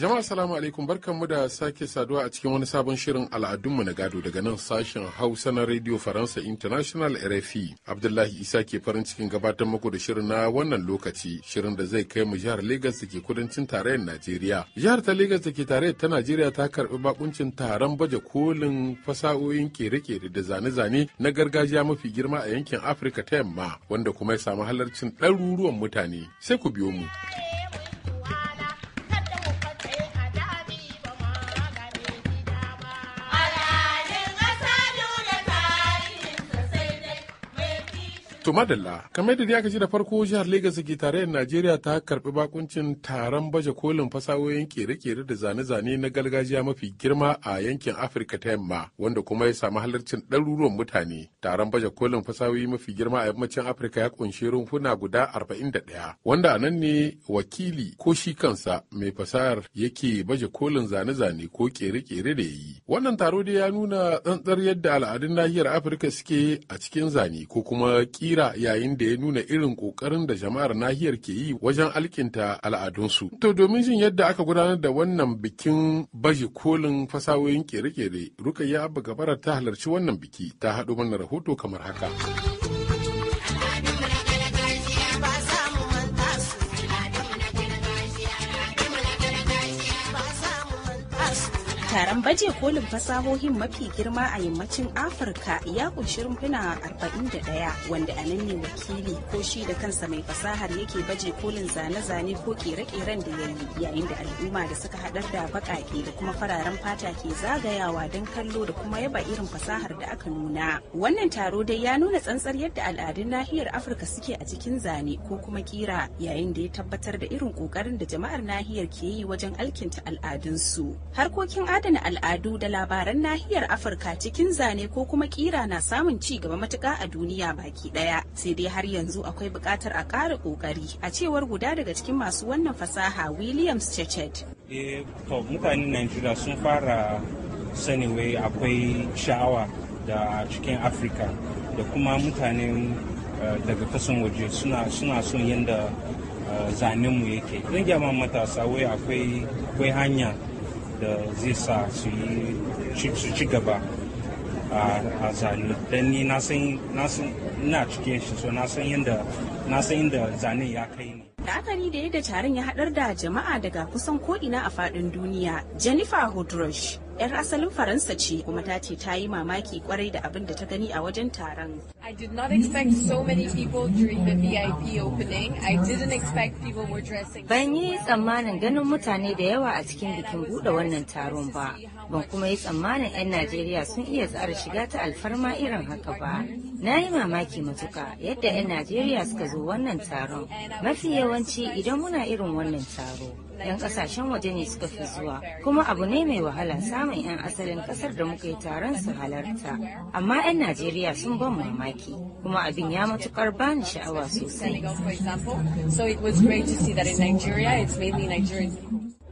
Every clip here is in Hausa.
Jama'a salamu alaikum barkanmu da sake saduwa a cikin wani sabon shirin al'adunmu na gado daga nan sashen Hausa na Radio Faransa International RFI. Abdullahi Isa ke farin cikin gabatar muku da shirin na wannan lokaci, shirin da zai kai mu jihar Legas da ke kudancin tarayyar Najeriya. Jihar ta Legas da ke tarayyar ta Najeriya ta karbi bakuncin taron baje kolin fasahohin kere-kere da zane-zane na gargajiya mafi girma a yankin Afirka ta Yamma, wanda kuma ya samu halarcin ɗaruruwan mutane. Sai ku biyo mu. To madalla, kamar yadda aka ce da farko jihar Legas ke tarayyar Najeriya ta karbi bakuncin taron baje kolin fasahohin kere-kere da zane-zane na gargajiya mafi girma a yankin Afirka ta yamma, wanda kuma ya samu halarcin ɗaruruwan mutane. Taron baje kolin fasahohi mafi girma a yammacin Afirka ya kunshi rumfuna guda 41, wanda a nan ne wakili ko shi kansa mai fasahar yake baje kolin zane-zane ko kere-kere da yi. Wannan taro dai ya nuna tsantsar yadda al'adun nahiyar Afirka suke a cikin zane ko kuma ƙi. hira yayin da ya nuna irin ƙoƙarin da jama'ar nahiyar ke yi wajen alkinta al'adunsu. To domin jin yadda aka gudanar da wannan bikin baje kolin fasahohin kere-kere, Rukayya Abba Gabara ta halarci wannan biki ta haɗo mana rahoto kamar haka. Taron baje kolin fasahohin mafi girma a yammacin Afirka ya kunshi rumfuna 41 wanda a nan ne wakili ko shi da kansa mai fasahar yake baje kolin zane-zane ko kere-keren da ya yi yayin da al'umma da suka haɗar da baƙaƙe da kuma fararen fata ke zagayawa don kallo da kuma yaba irin fasahar da aka nuna. Wannan taro dai ya nuna tsantsar yadda al'adun nahiyar Afirka suke a cikin zane ko kuma kira yayin da ya tabbatar da irin ƙoƙarin da jama'ar nahiyar ke yi wajen alkinta al'adunsu. Harkokin adana al'adu da labaran nahiyar Afirka cikin zane ko kuma kira na samun ci gaba matuka a duniya baki ɗaya. Sai dai har yanzu akwai buƙatar a ƙara kokari a cewar guda daga cikin masu wannan fasaha Williams Chechet. Eh, to Najeriya sun fara sanin akwai sha'awa da cikin Afirka da kuma mutane eh, daga kasan waje suna son yadda eh, zanenmu yake. Zan gyama matasa wai akwai hanya da zai sa su yi su ci gaba a zane don ni na san ina cike shi so na san yadda zanen ya kai ne la'akari da yadda taron ya haɗar da jama'a daga kusan ko'ina a faɗin duniya jennifer hudrush 'yar asalin faransa ce kuma ta ce ta yi mamaki kwarai da abin da ta gani a wajen taron i so many people ban yi tsammanin ganin mutane da yawa a cikin bikin buɗe wannan taron ba ban kuma yi tsammanin 'yan Najeriya sun iya tsara shiga ta alfarma irin haka ba. Na yi mamaki matuka yadda 'yan Najeriya suka zo wannan taron. Mafi yawanci idan muna irin wannan taro, 'yan kasashen waje ne suka fi zuwa, kuma abu ne mai wahala samun 'yan asalin kasar da muka yi taron su halarta. Amma 'yan Najeriya sun ban mamaki, kuma abin ya matukar bani sha'awa sosai.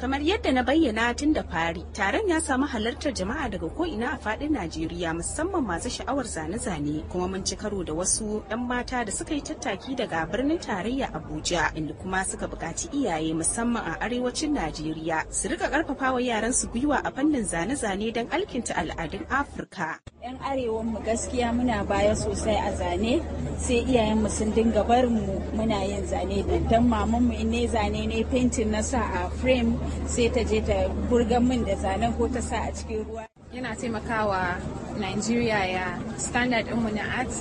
Kamar yadda na bayyana tun da fari, taron ya samu halartar jama'a daga ko'ina a fadin Najeriya musamman masu sha'awar zane-zane kuma mun ci karo da wasu 'yan mata da suka yi tattaki daga birnin tarayya Abuja inda kuma suka buƙaci iyaye musamman a arewacin Najeriya su rika ƙarfafawa yaran su gwiwa a fannin zane-zane don alkinta al'adun Afirka. 'yan arewa mu gaskiya muna baya sosai a zane sai iyayen mu sun dinga barin mu muna yin zane dan maman mu ne zane ne fentin na sa a frame sai ta je ta burgan min da zanen ko ta sa a cikin ruwa yana taimakawa Nigeria ya standard mu na art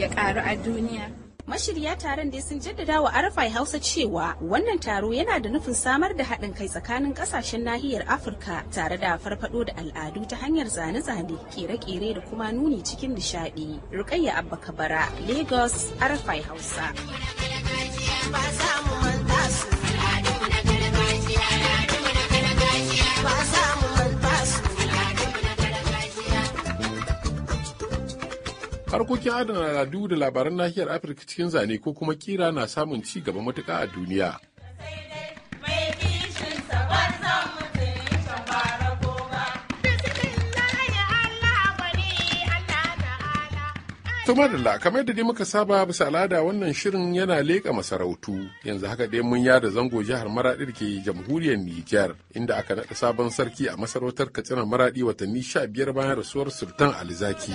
ya karu a duniya Mashirya taron dai sun jaddada wa Arafai Hausa cewa wannan taro yana da nufin samar da haɗin kai tsakanin ƙasashen nahiyar Afirka tare da farfado da al'adu ta hanyar zane-zane, kere-kere da kuma nuni cikin nishaɗi. Rukayya Abba Kabara, Lagos, Arafai Hausa. Harkokin adana al'adu da labaran nahiyar Afirka cikin zane ko kuma kira na samun ci gaba matuka a duniya. da la, kamar da dai muka saba bisa al'ada wannan shirin yana leƙa masarautu yanzu haka dai mun yada zango jihar Maraɗi da ke jamhuriyar Nijar inda aka naɗa sabon sarki a masarautar Katsina Maraɗi watanni sha biyar bayan rasuwar Sultan Alizaki.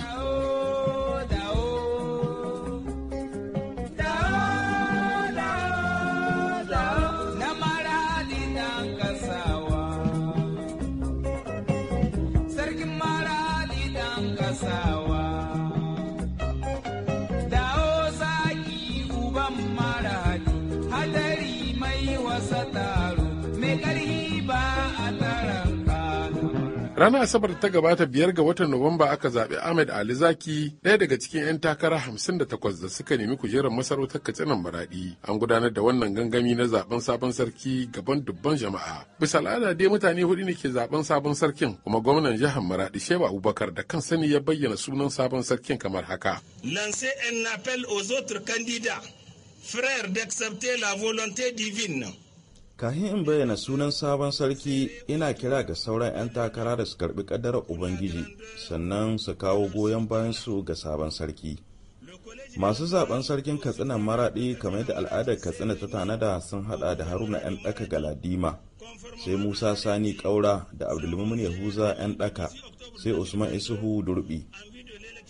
Ranar Asabar ta gabata biyar ga watan Nuwamba aka zaɓi Ahmed Ali Zaki ɗaya daga cikin 'yan takara hamsin da takwas da suka nemi kujerar masarautar Katsinan Maraɗi. An gudanar da wannan gangami na zaben sabon sarki gaban dubban jama'a. Bisa al'ada dai mutane hudu ne ke zaɓen sabon sarkin kuma gwamnan jihar Maraɗi Sheba Abubakar da kan sani ya bayyana sunan sabon sarkin kamar haka. Lancer un appel aux autres candidats, frères d'accepter la volonté divine. kahin in bayyana sunan sabon sarki ina kira ga sauran 'yan takara da su karbi kadarar ubangiji sannan su kawo goyon bayan su ga sabon sarki masu zaben sarkin katsina maraɗi kamar da al'adar katsina ta tanada sun hada da haruna 'yan ɗaka galadima sai musa sani ƙaura da abdulmumin yahuza 'yan ɗaka sai usman isuhu durbi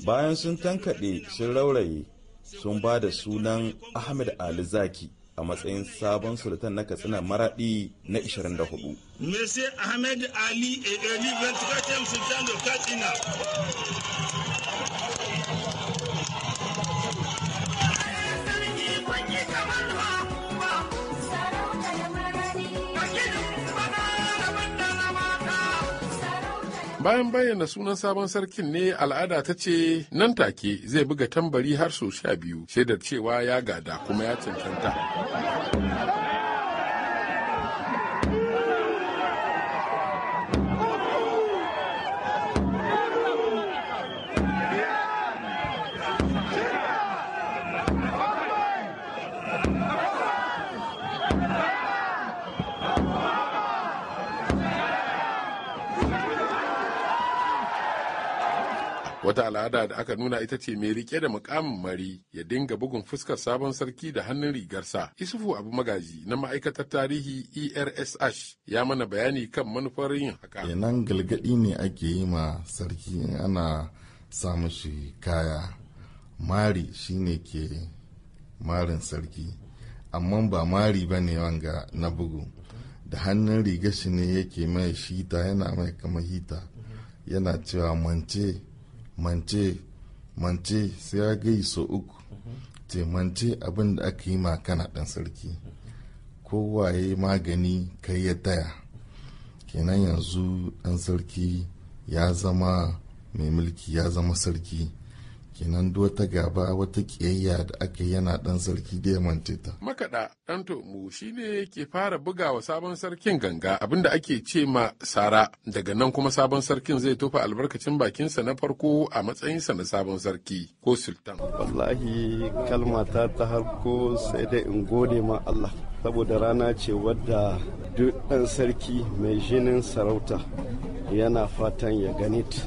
bayan sun tankaɗe sun rauraye sun ba da sunan ahmed ali zaki a matsayin sabon sultan na katsina maradi na 24. Monsieur Ahmed Ali et sultan Katsina. Bayan bayyana sunan sabon sarkin ne al'ada ta ce nan take zai buga tambari har sau sha biyu shaidar cewa ya gada kuma ya cancanta. Wata al'ada da aka nuna ita ce mai rike da mukamin mari ya dinga bugun fuskar sabon sarki da hannun rigarsa. Isufu Abu Magaji na ma'aikatar tarihi ERSH ya mana bayani kan manufar yin haka. yanan galgadi ne ake yi ma sarki ana samu shi kaya. Mari shine ke marin sarki, amma ba mari ba ne wanga na bugu. Da hannun rigar shi ne yake mai shita yana mai kama hita. Yana cewa mance mance mance sai ya gai so uku ce mance abin da aka yi makana ɗan sarki kowaye magani kai ya taya kenan yanzu ɗan sarki ya zama mai mulki ya zama sarki kenan duk gaba wata kiyayya da aka yi yana dan sarki da ya ta. Makaɗa ɗan tomu shi ne ke fara buga wa sabon sarkin ganga abinda ake ce ma sara daga nan kuma sabon sarkin zai tofa albarkacin bakinsa na farko a matsayinsa na sabon sarki ko sultan. Wallahi kalmata ta harko sai dai in gode ma Allah saboda rana ce wadda duk ɗan sarki mai jinin sarauta yana fatan ya ganit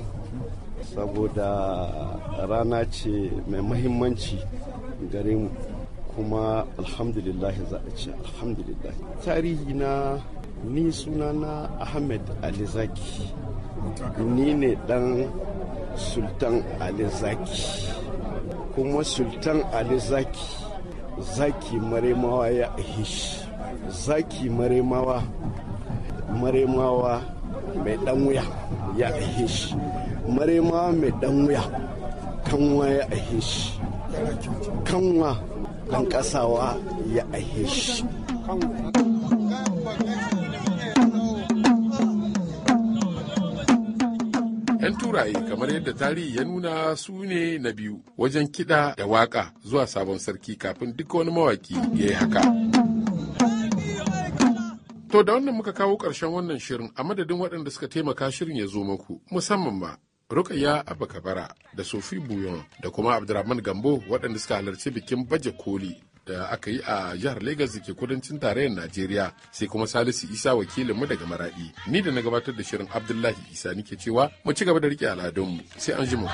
saboda rana ce mai mahimmanci gare mu kuma alhamdulillah za a ce alhamdulillah tarihi na ni sunana ahmed alizaki ni ne dan sultan alizaki kuma sultan alizaki zaki maremawa ya ahish zaki maremawa maremawa mai dan wuya ya ahish maremawa mai dan wuya kanwa ya ahe shi kanwa kan kasawa ya ahe shi yan turaye kamar yadda tarihi ya nuna su ne na biyu wajen kiɗa da waƙa zuwa sabon sarki kafin duk wani mawaki ya yi haka To da wannan muka kawo ƙarshen wannan shirin a madadin waɗanda suka taimaka shirin ya zo muku musamman ma rukayya abu kabara da sofi buyon da kuma abdurrahman gambo waɗanda suka halarci bikin baje koli da aka yi a jihar Legas da ke kudancin tarayyar Najeriya sai kuma Salisu Isa wakilinmu daga maraɗi Ni da na gabatar da shirin Abdullahi Isa nike cewa mu ci gaba da rike al'adunmu sai an ji mu.